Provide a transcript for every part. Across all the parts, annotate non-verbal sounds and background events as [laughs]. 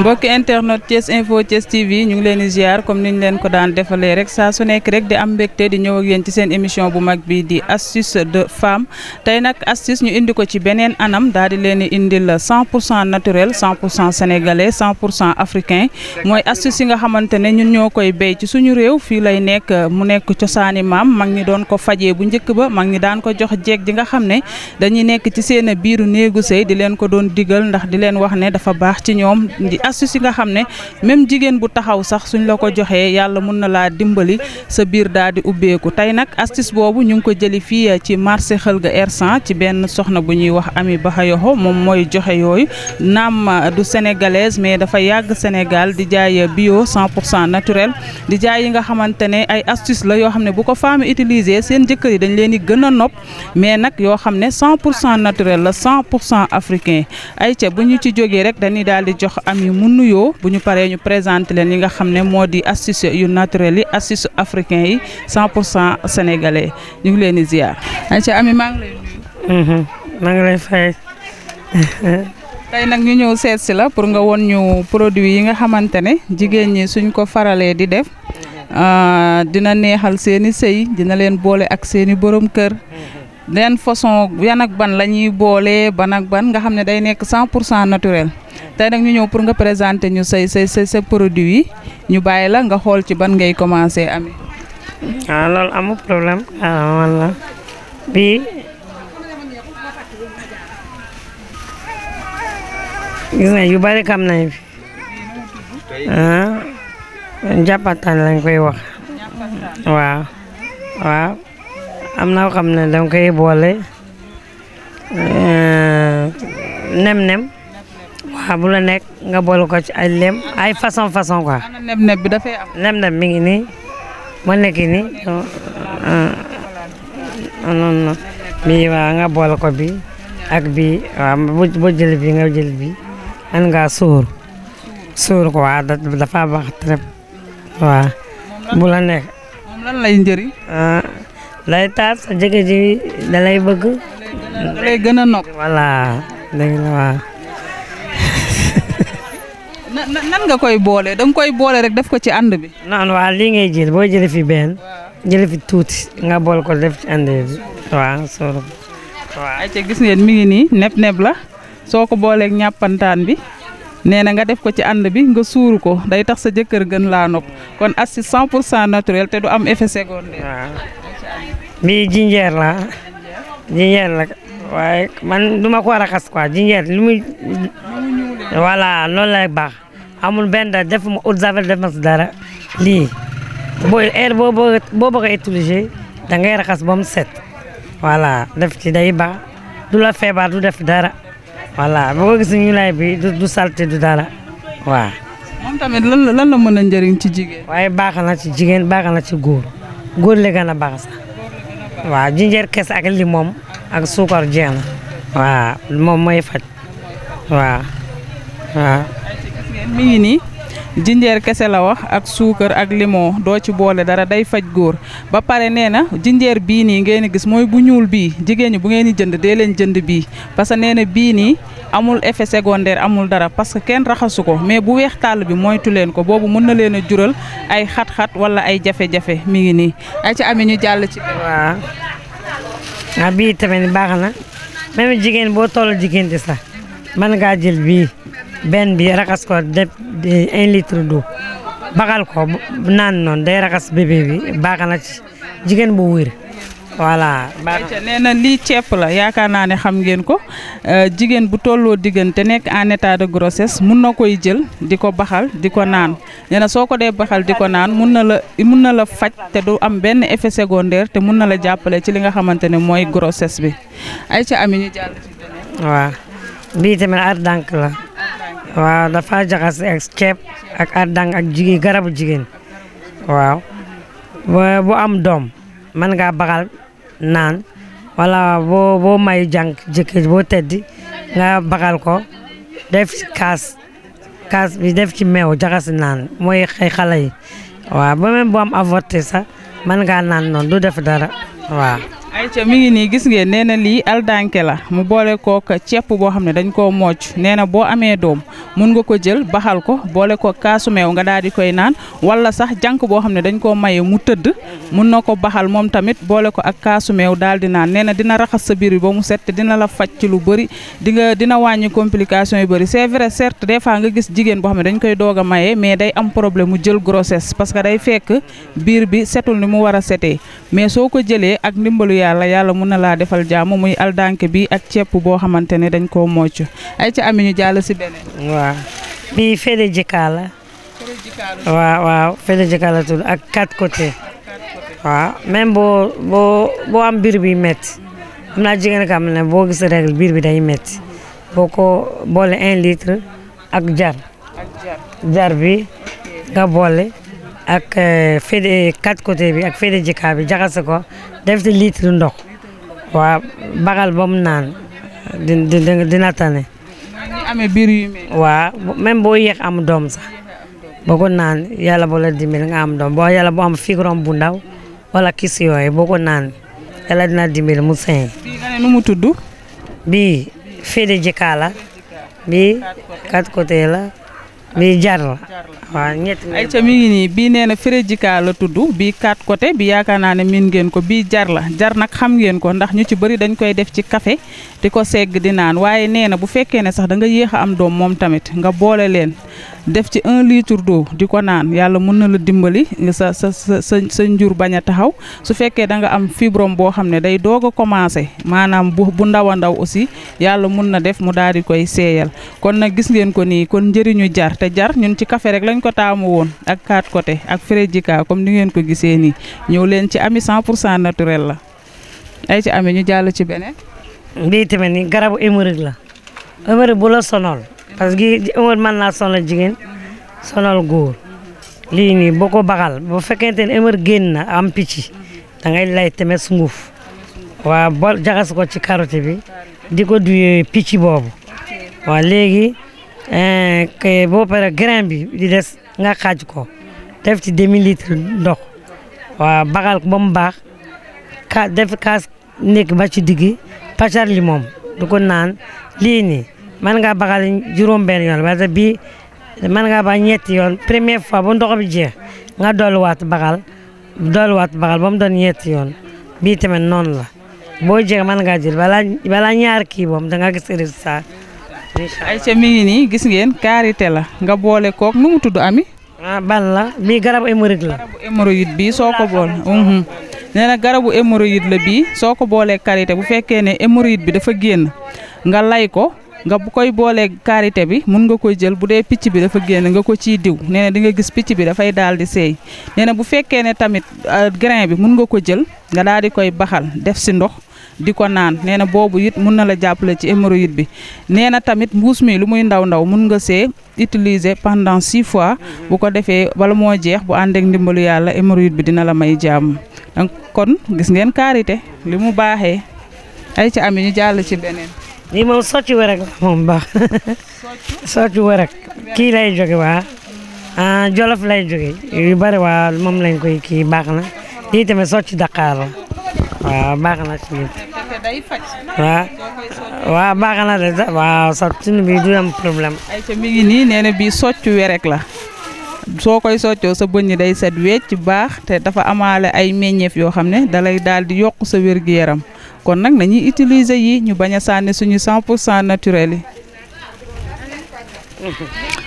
mbokki internet Thiès Info Thiès TV ñu ngi leen di ziar comme ni ñu leen ko daan defalee rek saa su nekk rek di am mbégte di ñëw ak yéen ci seen émission bu mag bi di astuce de femme tey nag astuce ñu indi ko ci beneen anam daal di leen indil 100 cent naturel 100 cent sénégalais 100 pour cent africain mooy astuce yi nga xamante ne ñun ñoo koy béy ci suñu réew fii lay nekk mu nekk cosaani maam mag ñi doon ko faje bu njëkk ba mag ñi daan ko jox jeeg ji nga xam ne dañuy nekk ci seen biiru néegu sëy di leen ko doon digal ndax di leen wax ne dafa baax ci ñoom astuce yi nga xam ne même jigéen bu taxaw sax suñ la ko joxee yàlla mun na laa dimbali sa biir daal di ubbeeku tey nag astuce boobu ñu ngi ko jëli fii eh, ci marché Xëlga R100 ci benn soxna bu ñuy wax Ami Bakhayokho moom mooy joxe yooyu naam eh, du sénégalaise mais dafa yàgg Sénégal di jaay eh, bio 100 pour cent naturel di jaay yi nga xamante ne ay astuce la yoo xam ne bu ko femme utiliser seen jëkkër yi dañ leen di gën a nopp mais nag yoo xam ne 100 pour cent naturel la 100 pour cent africain ay ca bàyyi mu nuyoo bu ñu paree ñu présenté leen yi nga xam ne moo di astuce yu naturel yi astuce africain yi 100 cent sénégalais ñu ngi leen di ziar. ayca ami maa ngi lay nuyu. Mhm, maa nag ñu ñëw seet si la pour nga woon ñu produit yi nga xamante ne jigéen ñi suñ ko faralee di def ah, dina neexal seeni sëy dina leen boole ak seeni borom kër. benn façon yan ak ban la ñuy boolee ban ak ban nga xam ne day nekk 100 pour cent naturel te nag ñu ñëw pour nga présenter ñu say say say sa produit yi ñu bàyyi la nga xool ci ban ngay commencer amee. waaw ah, loolu amul problème wala ah, bii gis yu bari xam nañ fi ah jàppataan lañ koy wax waaw waaw. am na xam ne donk koy boole euh, nem-nem waaw bu nekk nga boole ko ci ay lem ay façon façon quoi. nem-nem bi dafay am. nem-nem mi ngi nii ma nekk nii euh, euh, non non nga boole ko bi ak bi waaw bu jël bi nga jël bi an ngaa suur suur ko waaw dafa baax trop waaw nekk. lay taat sa jëkkër ji da bëgg. da lay gën a nokk. voilà dëgg la [laughs] nan nga koy boole da koy boole rek def ko ci ànd bi. non waaw lii ngay jël boo jëlee fi benn. jëlee fi tuuti nga bool ko def ci ànd bi waaw soo waaw ayca gis ngeen mi ngi nii neb neb la soo ko booleeg ñàppantaan bi nee na nga def ko ci ànd bi nga suuru ko day tax sa jëkkër gën laa nopp kon as si 100 pour cent naturel te du am effet secondaire. bii jinjeer la jinjeer la waaye man duma ko war a xas quoi jinjeer lu muy voilà loolu lay baax amul benn da def ma javel def ma si dara lii boo heure boo bëgg boo bëgg a utiliser da raxas ba mu set voilà def ci day baax du la feebar du def dara voilà boo ko gis ñu lay bi du salte du dara waaw. lan la lan la mën a njëriñ ci jigéen. waaye baax na ci jigéen baax na ci góor góor la gën a baax sa waaw jinjeer kees ak limon ak suukar jeex na waaw moom mooy faj waa waaw. mi jinjeer kese la wax ak suukar ak limon doo ci boole dara day faj góor ba pare nee na jinjeer bii nii ngeen gis mooy bu ñuul bii jigéen ñi bu ngeen di jënd dee leen jënd bii parce nee na bii nii. amul effet secondaire amul dara parce que kenn raxasu ko mais bu weex tàll bi moytu leen ko boobu mën na leen a jural ay xat-xat wala ay jafe-jafe mi ngi nii ay ci amee ñu jàll ci waaw waaw ah, bii tamit baax na même jigéen boo toll jigéen di sax mën ngaa jël bii benn bi raxas ko de un litre d'eau bagal ko naan noon day raxas bébé bi baax na ci jigéen bu wér voilà. ayca nee lii ceeb la yaakaar naa ne xam ngeen ko euh, jigéen bu tolloo diggante nekk en état de mun na koy jël di ko baxal di ko naan nee soo ko dee baxal di ko naan mun na la mun na la faj te du am benn effet secondaire te mun na la jàppale ci li nga xamante ne mooy grossesse bi ayca ami ñu jàll ci beneen. waaw bii tamit ardank la. waaw dafa jaxase ak ceeb ak ardank ak jigéen garabu jigéen waaw bu am doom mën ngaa baxal. naan wala boo boo may jàng jëkkër boo teddi nga bagal ko def kaas kaas bi def ci meew jaxasi naan mooy xëy xale yi waaw ba même bu am avorté sax mën ngaa naan noonu du def dara waaw. ayca mi ngi nii gis ngeen nee na lii aldanke la mu boole kook ceeb boo xam ne dañ koo mooj nee na boo amee doom mun nga ko jël baxal ko boole ko kaasu meew nga daal di koy naan wala sax jànk boo xam ne dañ koo maye mu tëdd mun na ko baxal moom tamit boole ko ak kaasu meew daal di naan nee na dina raxas sa biir bi ba mu set te dina la faj ci lu bëri di nga dina wàññi complication yu bëri c'est vrai certes des fois nga gis jigéen boo xam ne dañ koy doog a maye mais day am problème mu jël grossesse parce que day fekk biir bi setul ni mu war a setee mais soo ko jëlee ak ndimbalu yàlla yàlla mun na laa defal jàmm muy aldanke bi ak ceeb boo xamante ne dañ koo mocc ay ca ami ñu si beneen waaw bi Fede Jika la waaw waaw Fede Jika la tudd ak quatre côté waaw même boo boo boo am biir bi métti am naa jigéen ka xam ne boo gis règle biir bi day métti boo ko boole un litre ak jar jar bi nga boole ak euh, Fede quatre côté bi ak Fede Jika bi jaxase ko def ci ndox waaw bagal ba mu naan dina tane amee biir yu mel. waaw même boo yéex am doom sax bëggoon naan yàlla boo la dimbali nga am doom boo yàlla boo am figron bu ndaw wala kis yooyu bëggoon naan yàlla dina dimbali mu sëñ. bii nga ne mu tudd. bii féede jikkaa la bii quatre côté bii jar la. waaw ñett ay ca mi ngi nii bii nee na Fredjika la tudd bi quatre côté bi yaakaar naa ne miin ngeen ko bii jar la jar nag xam ngeen ko ndax ñu ci bëri dañ koy def ci kafe di ko segg di naan waaye nee na bu fekkee ne sax da nga yéex a am doom moom tamit nga boole leen def ci un litre d'eau di ko naan yàlla mun na la dimbali sa sa sa sa sa njur bañ a taxaw su fekkee da nga am fibrom boo xam ne day doog a commencé maanaam bu bu ndaw a ndaw aussi yàlla mun na def mu daal di koy seeyal kon gis ngeen ko nii jar niñ ko taamu woon ak quatre côté ak Fredjika comme ni ngeen ko gisee nii ñëw leen ci ami 100 pour cent naturel la ay ci amee ñu jàll ci beneen. bii tamit ni garabu émeric la émeric bu la sonol parce que émeric man naa sonal jigéen sonal góor lii nii boo ko baxal bu fekkente ne émeric génn na am picc da ngay lay tamit sunguf waaw boo jaxas ko ci carotte bi di ko duyee picc boobu waaw léegi. Eh, boo paree grain bi di des nga xaaj ko def ci demi litre ndox waaw baxal ko ba mu baax ka def kaas nekk ba ci digg pàccar li moom du ko naan lii nii mën ngaa baxal juróom-benn yoon parce que bii mën ngaa ba ñetti yoon première fois ba ndox bi jeex nga dolliwaat baxal dolliwaat baxal ba mu doon ñetti yoon bii tamit noonu la boo jeex mën ngaa jël balaa balaa ñaar kii da nga gis résultat ay ca mi nii gis ngeen karité la nga boole kook nu mu tudd ami ah, ban la bii garabu hémorroïde la garabu bii soo ko boole mhm. nee na garabu hémorroïde la bii soo ko boolee karité bu fekkee ne hémorroïde bi dafa génn nga lay ko nga bu koy boolee karité bi mun nga ko jël bu dee picc bi dafa génn nga ko ciy diw nee na di nga gis picc bi dafay daal di seey nee na bu fekkee ne tamit euh, grain bi mun nga ko jël nga daal di koy baxal def si ndox di ko naan nee na boobu it mun na la jàppale ci hémorroïde bi nee na tamit mbuus mi lu muy ndaw ndaw mun nga see utiliser pendant six fois bu ko defee bala moo jeex bu àndeek ndimbalu yàlla hémorroïde bi dina la may jàmm donc kon gis ngeen karité li mu baaxee ay ci ami ñu jàll ci beneen lii moom soccu werek moom baax [laughs] soccu werek kii lay jóge waa ah, jolof lay jóge yu bari waa moom lañ koy kii baax na lii tamit soccu daqaar la Ah, ah, waaw baax na ci ñun waaw waaw baax na de waaw sotti am problème. ay ca mi ngi nii nee na bii soccu werek la soo koy soccoo sa bëñ day set wecc baax te dafa amaale ay meññeef yoo xam ne dalay daal di yokk sa wér-gu-yaram kon nag nañuy utilise yi ñu bañ a sànni suñu 100 pour cent naturel yi.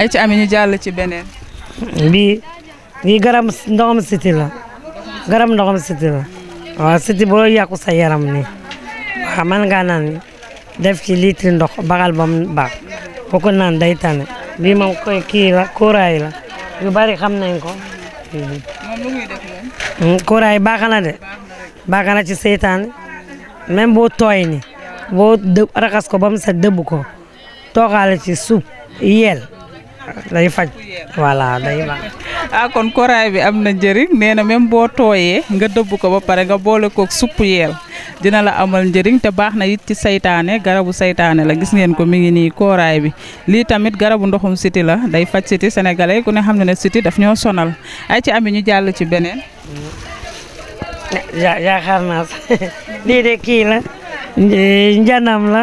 ay ci ami ñu jàll ci beneen. bii bii garam ndoxam siti la garam ndoxam siti la. waaw siti boo yàqu sa yaram nii waaw man ngaa naan def ci litre ndox baxal ba mu ko naan day tane bii moom koy kii la kóoraay la yu bari xam nañ ko. Hmm, kóoraay baax na de baax na ci seytaane même boo tooy ni boo raxas ko ba mu set ko tooxaale ci suuf yeel day faj voilà day baax. a ah, kon koraay bi am na njëriñ nee na même boo tooyee nga dëbb ko ba pare nga boole kook supp yeel dina la amal njëriñ te baax na it ci saytaane garabu saytaane la gis ngeen ko mi ngi nii kooraay bi lii tamit garabu ndoxum siti la day faj siti sénégalais ku ne xam ne ne siti daf ñoo sonal ay ci ami ñu jàll ci beneen. yaakaar naa [laughs] lii de kii la njanam la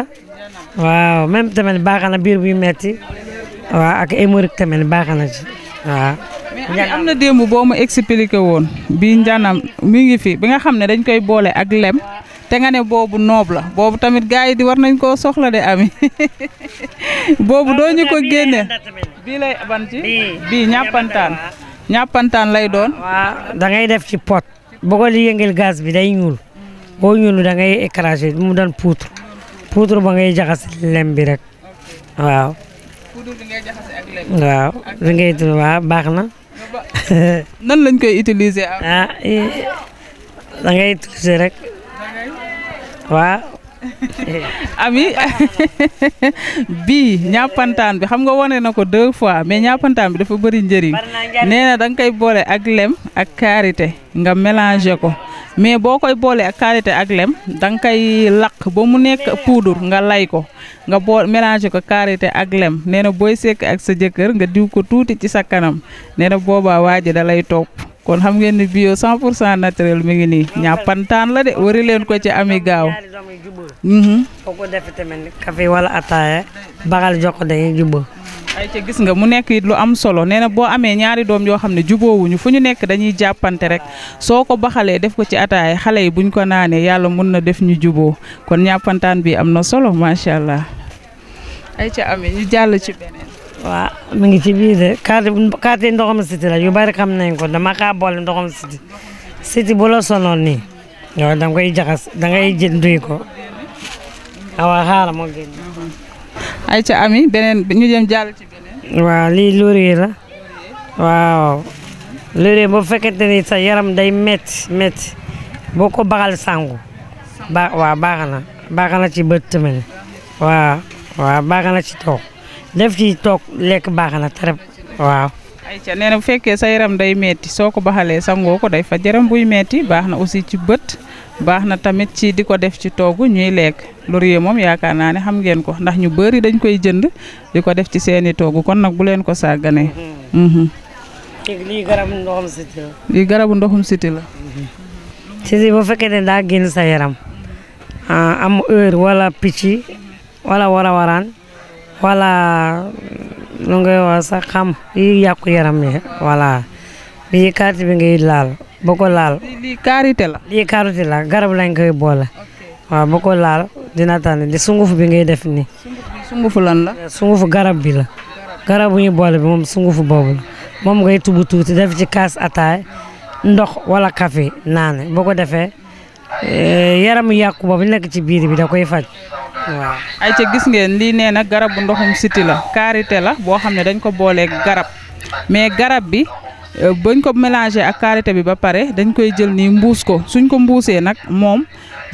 waaw même tamit baax biir buy metti waaw ak émorique tamit baax na ci waaw. mais am na démb boo mu expliqué woon bii njanam mi ngi fi bi nga xam ne dañ koy boole ak lem te nga ne boobu noob la boobu tamit gars yi di war nañ koo soxla de ami [laughs] boobu doo ñu ko génne bii lay ban bii ñàppantaan ñàppantaan lay doon. waaw da ngay def ci pot boo ko li yëngal gaz bi day ñuul boo ñuulu da ngay écraser mu doon poudre poudre ba ngay jaxas lem bi rek poudre bi ngay jaxase waaw baax na. [laughs] nan lañ koy utiliser. ah da ngay utiliser rek. waaw. [laughs] ami [laughs] bii ñàppantaan bi xam nga wane na ko deux fois mais ñàppantaan bi dafa bëri njëriñ nee na da nga koy boole ak lem ak karité nga melange ko mais boo koy boolee ak karité ak lem danga koy lakk ba mu nekk poudre nga lay ko nga boo mélangé ko karité ak lem nee na booy sekk ak sa jëkkër nga diw ko tuuti ci sa kanam nee na boobaa waaj ji da lay toog kon xam ngeen ni bio 100 pour cent naturel mi ngi nii ñàppantaan la de wari leen ko ci ami gaaw. boo mhm. ko defee tamit café wala ataaya bagal jox ko dañuy jubóo ay ca gis nga mu nekk it lu am solo nee na boo amee ñaari doom yoo xam ne juboowuñu fu ñu nekk dañuy jàppante rek soo ko baxalee def ko ci ataay xale yi buñ ko naanee yàlla mun na def ñu juboo kon ñàppantaan bi am na solo macha allah ay ca amee ñu jàll ci beneen waaw mu ngi ci biir carte yi ndoxam siti la yu bari xam nañ ko dama kaa boole ndoxam siti siti bu la sonoon nii yow danga koy jaxas dangay jël duy ko awa xaaral moo génn ay ca ami beneen ñu jëm jàll ci beneen. waaw lii laurier la waaw laurier boo fekkente ni sa yaram day métti metti boo ko baxal sangu waa baax na baax na ci bët tamit waaw waaw baax na ci toog def ci toog lekk baax na trop waaw. ayca bu fekkee sa yaram day metti soo ko baxalee sangoo ko day fa jaram buy metti baax na aussi ci bët. baax na tamit ci di ko def ci toog ñuy lekk laurier moom yaakaar naa ne xam ngeen ko ndax ñu bëri dañ koy jënd di ko def ci seeni toog kon nag bu leen ko sàgganee. Mm-hmm. Mm-hmm. lii garabu ndoxum siti la. lii garabu ndoxum siti la. Mm-hmm. fekkee daa génn sa yaram ah, am heure wala picc wala wara waraan wala lu ngay wax sax xam yi yàqu yaram yi voilà bii carte bi ngay laal. bu laal. lii karité la. lii karité la garab lañ koy boole. waaw bu ko laal dina tan li sunguf bi ngay def nii. sungufu lan la. sungufu garab bi la. garab bu ñu boole bi moom sungufu boobu la moom ngay tubu tuuti def ci kaas ataay ndox wala kafe naane boo ko defee eh, yaramu yàqu boobu nekk ci biir bi da koy faj waaw. ay ca gis ngeen lii nee na garabu ndoxum siti la karité la boo xam ne dañ ko boolee garab mais garab bi. Euh, bañ ko mélanger ak karité bi ba pare dañ koy jël nii mbuus ko suñ ko mbuusee nag moom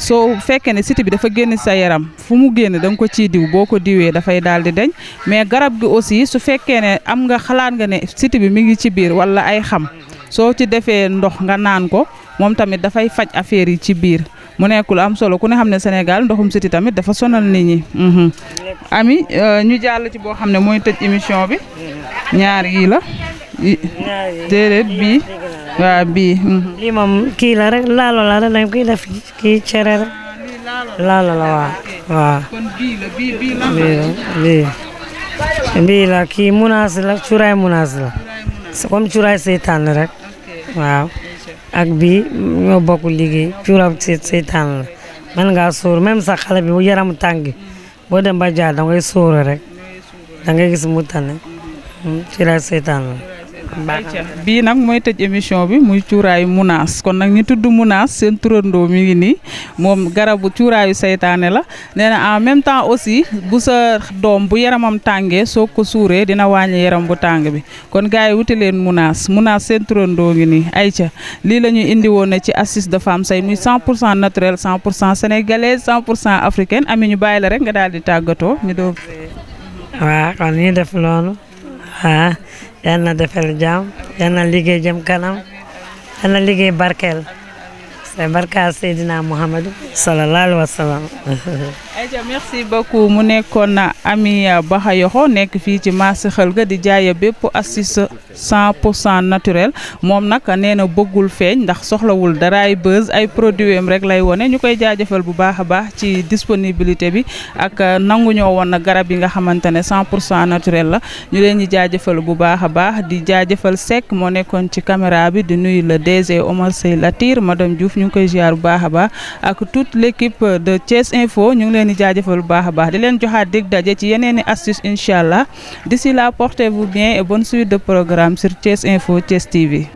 soo fekkee ne siti bi dafa génn sa yaram fu mu génn da nga ko ci diw boo ko diwee dafay daal di deñ mais garab gi aussi su fekkee ne am nga xalaat nga ne siti bi mi ngi ci biir wala ay xam soo ci defee ndox nga naan ko moom tamit dafay faj affaire yi ci biir mu nekk lu am solo ku ne xam ne Sénégal ndoxum siti tamit dafa sonal nit ñi. Mhm. ami euh, ñu jàll ci boo xam ne mooy tëj émission bi ñaar yii la. déedéet bii waaw bii. Hmm. lii moom kii la rek laalo la rek dañ koy def kii cere rek laalo la waaw waaw. bii bii la kii munaas la cuuraay munaas la comme cuuraay seytaan la rek waaw ak bii ñoo bokk liggéey cuuraay seytaan la man ngaa sóor même sax xale bi bu yaram tàngi boo dem ba jaar da ngay rek da ngay gis mu tane hmm, cuuraay seytaan la. bii nag mooy tëj émission bi muy cuuraayu munaas kon nag ñi tudd munaas seen turandoo mi ngi nii moom garabu cuuraayu seytaane la nee na en même temps aussi bu sa doom bu yaramam tàngee soo ko suuree dina wàññi yaram bu tàng bi kon gars yi wuti leen munaas munaas seen turandoo ngi nii ca lii la ñu indi woon na ci Astuces de Femme Saye muy 100 pour cent naturel 100 pour cent sénégalaise 100 pour cent africaine ami ñu bàyyi la rek nga daal di tàggatoo ñu doon. waaw kon ñu def loolu ah. yal na defal jàmm yal na liggéey jëm kanam yal na liggéey barkeel c'est barka Seydina Muhammad sallallahu alayhi wa sallam [laughs] ayca merci beaucoup mu nekkoon Ami Bakhayokho nekk fii ci xel Xëlga di jaaya bépp assis cent pour cent naturel moom nag nee na bëggul feeñ ndax soxlawul daray ay ay produit am rek lay wone ñu koy jaajëfal bu baax a baax ci disponibilité bi ak nangu ñoo woon na garab yi nga xamante ne cent pour cent naturel la ñu leen di jëfal bu baax a baax di jaajëfal Seck moo nekkoon ci caméra bi di nuyu le DG Omar Sey Latir madame Diouf ñu ngi koy jaar bu baax a baax ak toute l'équipe de Thiès Info leen di jaajëfal baax a baax di leen joxaat dig daje ci yeneen i astuce incha allah d'ici là portez-vous bien et bonne suite de programme sur Thiès Info Thiès TV.